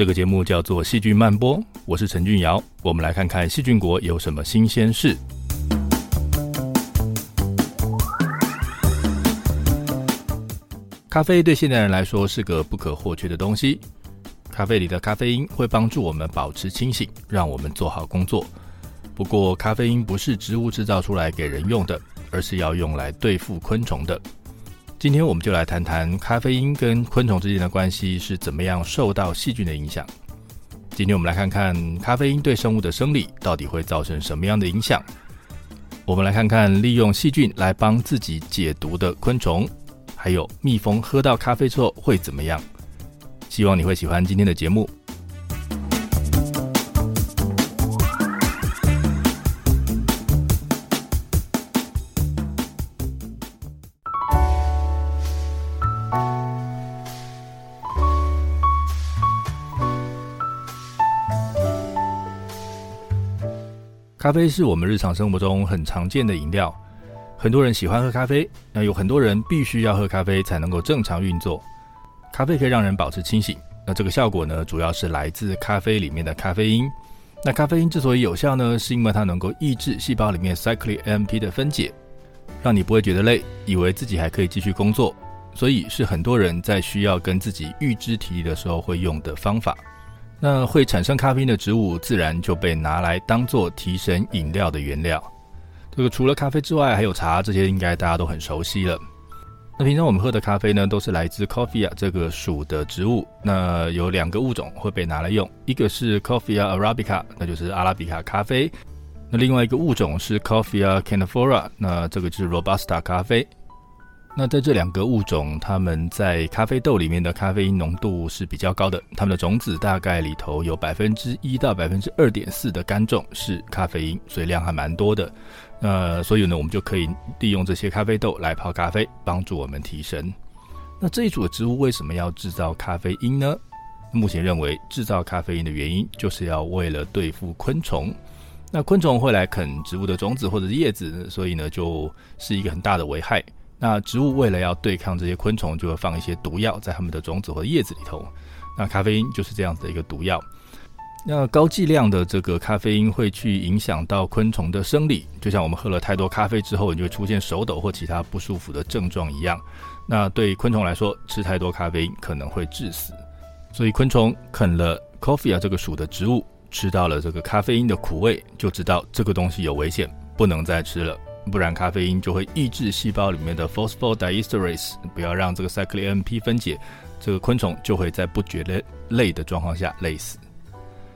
這個節目叫做《細菌曼波》，我是陳俊堯，我們來看看細菌國有什麼新鮮事。咖啡對現代人來說是個不可或缺的東西，咖啡裡的咖啡因會幫助我們保持清醒，讓我們做好工作。不過，咖啡因不是植物製造出來給人用的，而是要用來對付昆蟲的。今天我們就來談談咖啡因跟昆蟲之間的關係是怎麼樣受到細菌的影響。今天我們來看看咖啡因對生物的生理到底會造成什麼樣的影響。我們來看看利用細菌來幫自己解毒的昆蟲，還有蜜蜂喝到咖啡之後會怎麼樣。希望你會喜歡今天的節目。咖啡是我們日常生活中很常見的飲料，很多人喜歡喝咖啡。那有很多人必須要喝咖啡才能夠正常運作。咖啡可以讓人保持清醒，那這個效果呢，主要是來自咖啡裡面的咖啡因。那咖啡因之所以有效呢，是因為它能夠抑制細胞裡面 cyclic AMP 的分解，讓你不會覺得累，以為自己還可以繼續工作。所以是很多人在需要跟自己預支體力的時候會用的方法。那會產生咖啡因的植物，自然就被拿來當做提神飲料的原料。這個除了咖啡之外，還有茶，這些應該大家都很熟悉了。那平常我們喝的咖啡呢，都是來自 Coffea、啊、這個屬的植物。那有兩個物種會被拿來用，一個是 Coffea Arabica，那就是阿拉比卡咖啡；那另外一個物種是 Coffea Canfora，那這個就是 Robusta 咖啡。那在這兩個物種，它們在咖啡豆裡面的咖啡因濃度是比較高的。它們的種子大概裡頭有百分之一到百分之二點四的乾重是咖啡因，所以量還蠻多的。呃，所以呢，我們就可以利用這些咖啡豆來泡咖啡，幫助我們提神。那這一組的植物為什麼要製造咖啡因呢？目前認為製造咖啡因的原因就是要為了對付昆蟲。那昆蟲會來啃植物的種子或者是葉子，所以呢，就是一個很大的危害。那植物為了要對抗這些昆蟲，就會放一些毒藥在它們的種子和葉子裡頭。那咖啡因就是這樣子的一個毒藥。那高劑量的這個咖啡因會去影響到昆蟲的生理，就像我們喝了太多咖啡之後，你就會出現手抖或其他不舒服的症狀一樣。那對昆蟲來說，吃太多咖啡因可能會致死。所以昆蟲啃了 Coffea，這個屬的植物，吃到了這個咖啡因的苦味，就知道這個東西有危險，不能再吃了。不然咖啡因就會抑制細胞裡面的 phosphodiesterase，不要讓這個 cyclic AMP 分解，這個昆蟲就會在不覺得累的狀況下累死。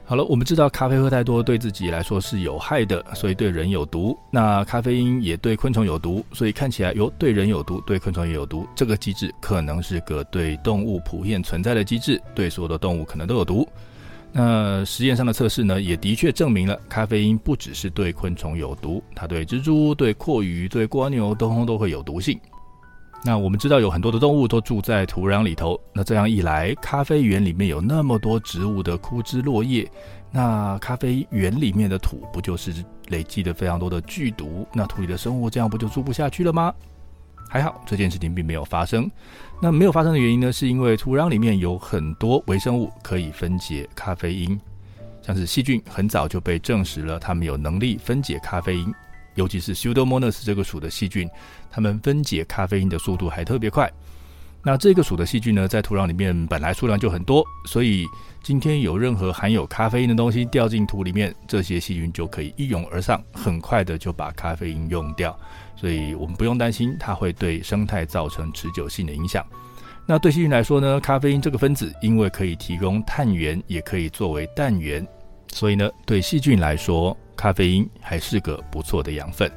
好了，我們知道咖啡喝太多對自己來說是有害的，所以對人有毒。那咖啡因也對昆蟲有毒，所以看起來喲，對人有毒，對昆蟲也有毒。這個機制可能是個對動物普遍存在的機制，對所有的動物可能都有毒。那實驗上的測試呢，也的確證明了咖啡因不只是對昆蟲有毒，它對蜘蛛、對蛞蝓、對蝸牛都都會有毒性。那我們知道有很多的動物都住在土壤裡頭，那這樣一來，咖啡園裡面有那麼多植物的枯枝落葉，那咖啡園裡面的土不就是累積的非常多的劇毒？那土裡的生物這樣不就住不下去了嗎？還好，這件事情並沒有發生。那沒有發生的原因呢，是因為土壤裡面有很多微生物可以分解咖啡因，像是細菌，很早就被證實了，它們有能力分解咖啡因，尤其是 Pseudomonas 這個屬的細菌，它們分解咖啡因的速度還特別快。那這個屬的細菌呢，在土壤裡面本來數量就很多，所以今天有任何含有咖啡因的東西掉進土裡面，這些細菌就可以一擁而上，很快的就把咖啡因用掉。所以我們不用擔心它會對生態造成持久性的影響。那對細菌來說呢，咖啡因這個分子因為可以提供碳源，也可以作為氮源，所以呢，對細菌來說，咖啡因還是個不錯的養分。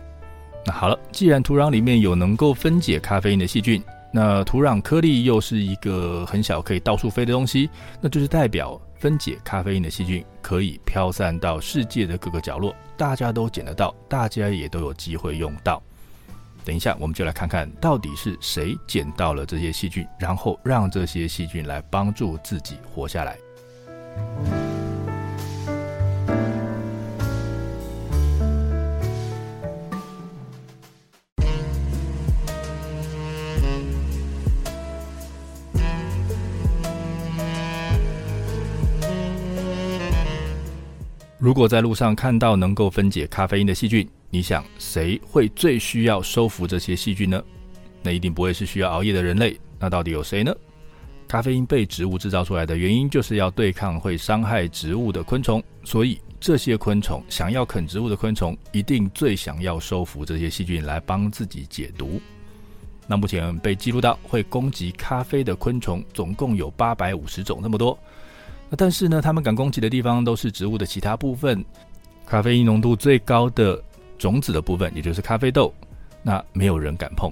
那好了，既然土壤裡面有能夠分解咖啡因的細菌。那土壤顆粒又是一個很小可以到處飛的東西，那就是代表分解咖啡因的細菌可以飄散到世界的各個角落，大家都撿得到，大家也都有機會用到。等一下，我們就來看看到底是誰撿到了這些細菌，然後讓這些細菌來幫助自己活下來。如果在路上看到能夠分解咖啡因的細菌，你想誰會最需要收服這些細菌呢？那一定不會是需要熬夜的人類。那到底有誰呢？咖啡因被植物製造出來的原因就是要對抗會傷害植物的昆蟲，所以這些昆蟲，想要啃植物的昆蟲，一定最想要收服這些細菌來幫自己解毒。那目前被記錄到會攻擊咖啡的昆蟲總共有八百五十種，那麼多。但是呢，他們敢攻擊的地方都是植物的其他部分，咖啡因濃度最高的種子的部分，也就是咖啡豆，那沒有人敢碰。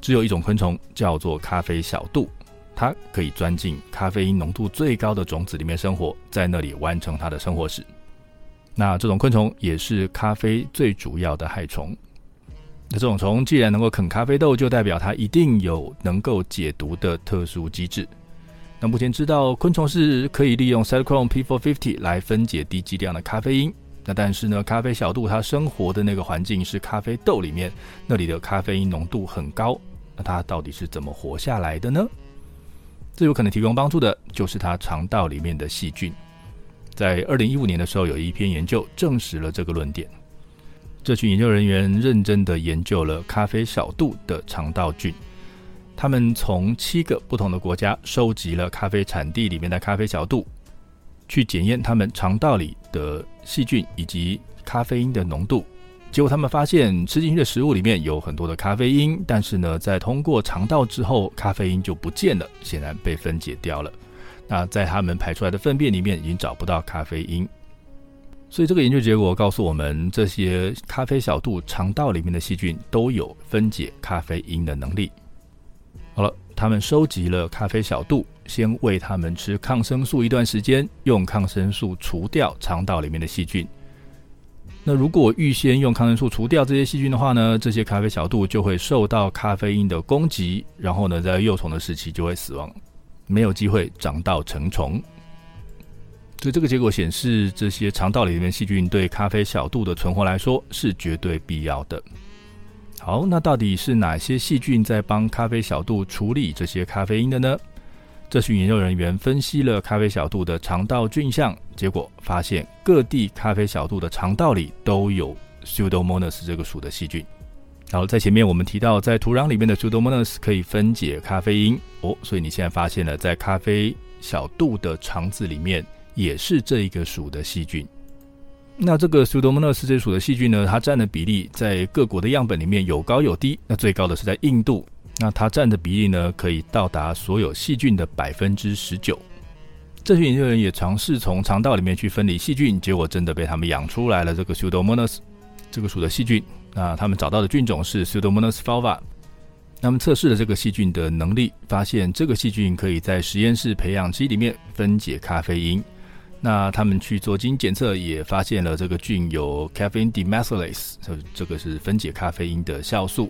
只有一種昆蟲叫做咖啡小蠹，它可以鑽進咖啡因濃度最高的種子裡面生活，在那裡完成它的生活史。那這種昆蟲也是咖啡最主要的害蟲。那這種蟲既然能夠啃咖啡豆，就代表它一定有能夠解毒的特殊機制。目前知道昆蟲是可以利用 Cytochrome P450 來分解低劑量的咖啡因，那但是呢，咖啡小蠹，它生活的那個環境是咖啡豆裡面，那裡的咖啡因濃度很高，那它到底是怎麼活下來的呢？最有可能提供幫助的就是它腸道裡面的細菌。在二零一五年的時候，有一篇研究證實了這個論點。這群研究人員認真的研究了咖啡小蠹的腸道菌。他們從七個不同的國家收集了咖啡產地裡面的咖啡小蠹，去檢驗他們腸道裡的細菌以及咖啡因的濃度。結果他們發現，吃進去的食物裡面有很多的咖啡因，但是呢，在通過腸道之後，咖啡因就不見了，顯然被分解掉了。那在他們排出來的糞便裡面已經找不到咖啡因。所以這個研究結果告訴我們，這些咖啡小蠹腸道裡面的細菌都有分解咖啡因的能力。好了，他們收集了咖啡小蠹，先餵他們吃抗生素一段時間，用抗生素除掉腸道裡面的細菌。那如果預先用抗生素除掉這些細菌的話呢，這些咖啡小蠹就會受到咖啡因的攻擊，然後呢，在幼蟲的時期就會死亡，沒有機會長到成蟲。所以這個結果顯示，這些腸道裡面的細菌對咖啡小蠹的存活來說是絕對必要的。好，那到底是哪些細菌在幫咖啡小蠹處理這些咖啡因的呢？這群研究人員分析了咖啡小蠹的腸道菌相，結果發現各地咖啡小蠹的腸道裡都有 pseudomonas 這個屬的細菌。好，在前面我們提到，在土壤裡面的 pseudomonas 可以分解咖啡因哦，所以你現在發現了，在咖啡小蠹的腸子裡面也是這一個屬的細菌。那這個 Pseudomonas 這屬的細菌呢，它佔的比例在各國的樣本裡面有高有低。那最高的是在印度，那它佔的比例呢，可以到達所有細菌的百分之十九。這群研究人員也嘗試從腸道裡面去分離細菌，結果真的被他們養出來了這個 Pseudomonas 這個屬的細菌。那他們找到的菌種是 Pseudomonas flava。那麼測試了這個細菌的能力，發現這個細菌可以在實驗室培養基裡面分解咖啡因。那他們去做基因檢測，也發現了這個菌有 c a f f e i n demethylase，這個是分解咖啡因的酵素。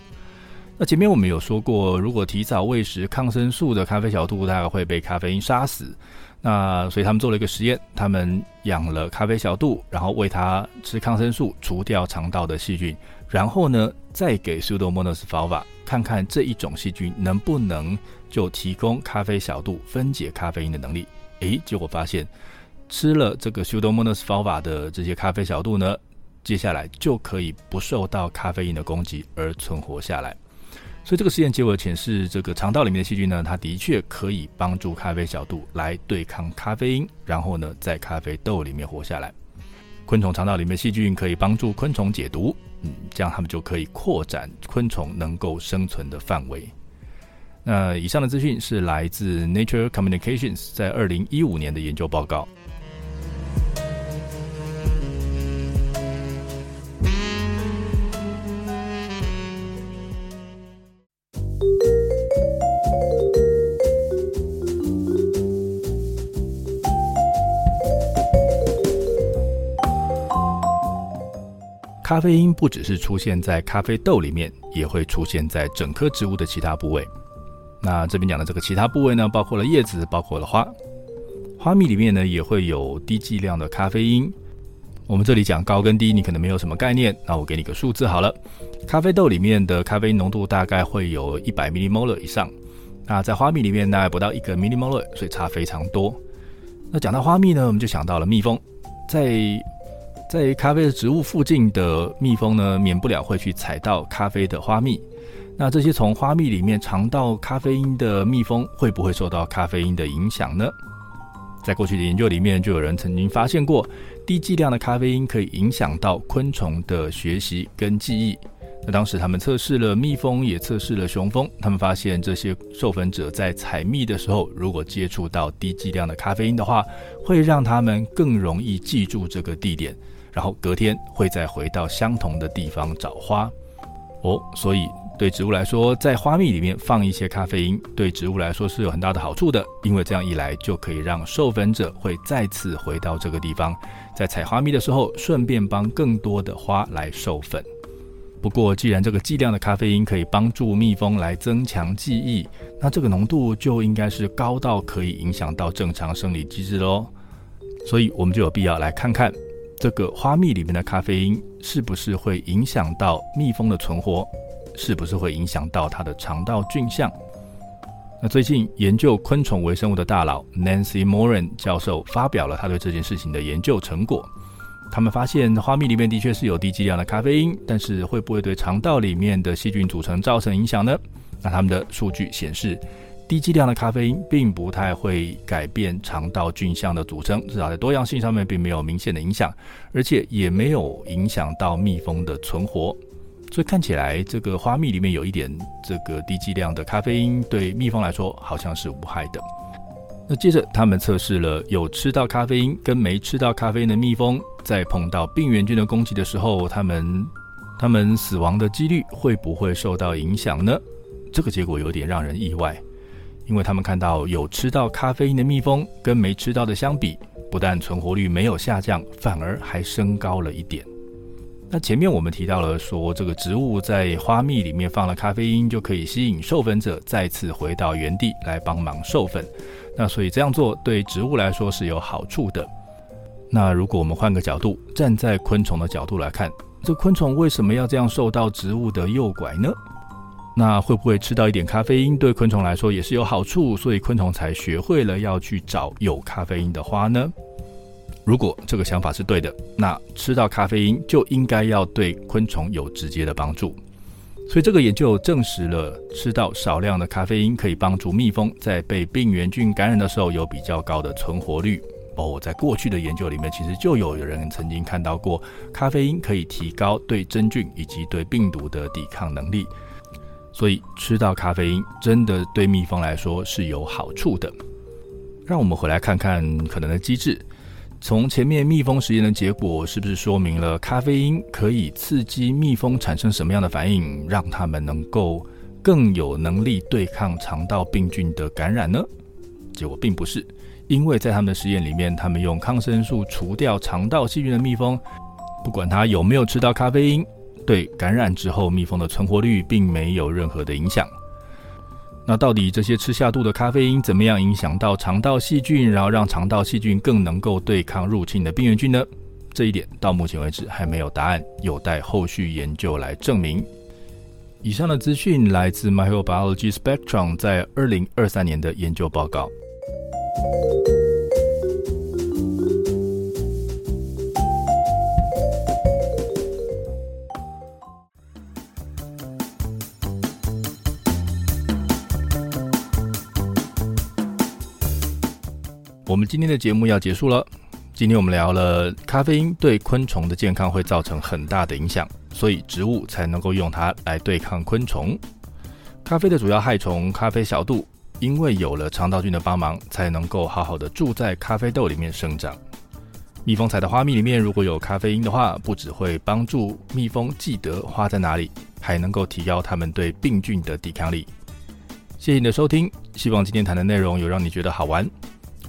那前面我們有說過，如果提早餵食抗生素的咖啡小大它會被咖啡因殺死。那所以他們做了一個實驗，他們養了咖啡小度，然後餵它吃抗生素，除掉腸道的細菌，然後呢，再給 s u d o m o n o s f a a 看看這一種細菌能不能就提供咖啡小度分解咖啡因的能力。誒、欸，結果發現。吃了這個 Pseudomonas fulva 的這些咖啡小蠹呢，接下來就可以不受到咖啡因的攻擊而存活下來。所以這個實驗結果顯示，這個腸道裡面的細菌呢，它的確可以幫助咖啡小蠹來對抗咖啡因，然後呢，在咖啡豆裡面活下來。昆蟲腸道裡面細菌可以幫助昆蟲解毒，嗯，這樣它們就可以擴展昆蟲能夠生存的範圍。那以上的資訊是來自《Nature Communications》在二零一五年的研究報告。咖啡因不只是出現在咖啡豆裡面，也會出現在整棵植物的其他部位。那這邊講的這個其他部位呢，包括了葉子，包括了花。花蜜裡面呢也會有低劑量的咖啡因。我們這裡講高跟低，你可能沒有什麼概念。那我給你個數字好了，咖啡豆裡面的咖啡因濃度大概會有一百 millimolar 以上。那在花蜜裡面大概不到一個 millimolar，所以差非常多。那講到花蜜呢，我們就想到了蜜蜂在。在咖啡的植物附近的蜜蜂呢，免不了會去採到咖啡的花蜜。那這些從花蜜裡面嘗到咖啡因的蜜蜂，會不會受到咖啡因的影響呢？在過去的研究裡面，就有人曾經發現過，低劑量的咖啡因可以影響到昆蟲的學習跟記憶。那當時他們測試了蜜蜂，也測試了熊蜂，他們發現這些授粉者在採蜜的時候，如果接觸到低劑量的咖啡因的話，會讓他們更容易記住這個地點。然後隔天會再回到相同的地方找花。哦，oh，所以對植物來說，在花蜜裡面放一些咖啡因，對植物來說是有很大的好處的，因為這樣一來就可以讓授粉者會再次回到這個地方，在採花蜜的時候順便幫更多的花來授粉。不過，既然這個劑量的咖啡因可以幫助蜜蜂來增強記憶，那這個濃度就應該是高到可以影響到正常生理機制嘍，所以我們就有必要來看看。這個花蜜裡面的咖啡因是不是會影響到蜜蜂的存活？是不是會影響到它的腸道菌相？那最近研究昆蟲微生物的大佬 Nancy Moran 教授發表了他對這件事情的研究成果。他們發現花蜜裡面的確是有低劑量的咖啡因，但是會不會對腸道裡面的細菌組成造成影響呢？那他們的數據顯示，低劑量的咖啡因並不太會改變腸道菌相的組成，至少在多樣性上面並沒有明顯的影響，而且也沒有影響到蜜蜂的存活。所以看起來，這個花蜜裡面有一點這個低劑量的咖啡因，對蜜蜂來說好像是無害的。那接着，他們測試了有吃到咖啡因跟沒吃到咖啡因的蜜蜂，在碰到病原菌的攻擊的時候，他們他們死亡的幾率會不會受到影響呢？這個結果有點讓人意外。因為他們看到有吃到咖啡因的蜜蜂跟沒吃到的相比，不但存活率沒有下降，反而還升高了一點。那前面我們提到了說，這個植物在花蜜裡面放了咖啡因，就可以吸引授粉者再次回到原地來幫忙授粉。那所以這樣做對植物來說是有好處的。那如果我們換個角度，站在昆蟲的角度來看，這昆蟲為什麼要這樣受到植物的誘拐呢？那會不會吃到一點咖啡因，對昆蟲來說也是有好處？所以昆蟲才學會了要去找有咖啡因的花呢？如果這個想法是對的，那吃到咖啡因就應該要對昆蟲有直接的幫助。所以這個研究證實了，吃到少量的咖啡因可以幫助蜜蜂在被病原菌感染的時候有比較高的存活率。哦，在過去的研究裡面，其實就有人曾經看到過，咖啡因可以提高對真菌以及對病毒的抵抗能力。所以吃到咖啡因真的對蜜蜂來說是有好處的。讓我們回來看看可能的機制。從前面蜜蜂實驗的結果，是不是說明了咖啡因可以刺激蜜蜂產生什麼樣的反應，讓它們能夠更有能力對抗腸道病菌的感染呢？結果並不是，因為在他們的實驗裡面，他們用抗生素除掉腸道細菌的蜜蜂，不管它有沒有吃到咖啡因，對感染之後，蜜蜂的存活率並沒有任何的影響。那到底這些吃下肚的咖啡因怎麼樣影響到腸道細菌，然後讓腸道細菌更能夠對抗入侵的病原菌呢？這一點到目前為止還沒有答案，有待後續研究來證明。以上的資訊來自 Microbiology Spectrum 在二零二三年的研究報告。我們今天的節目要結束了。今天我們聊了咖啡因對昆蟲的健康會造成很大的影響，所以植物才能夠用它來對抗昆蟲。咖啡的主要害蟲咖啡小蠹，因為有了腸道菌的幫忙，才能夠好好的住在咖啡豆裡面生長。蜜蜂採的花蜜裡面如果有咖啡因的話，不只會幫助蜜蜂記得花在哪裡，還能夠提高它們對病菌的抵抗力。謝謝你的收聽，希望今天談的內容有讓你覺得好玩。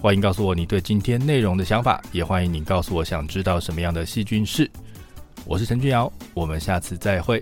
歡迎告訴我你對今天內容的想法，也歡迎你告訴我想知道什麼樣的細菌是。我是陳俊瑤，我們下次再會。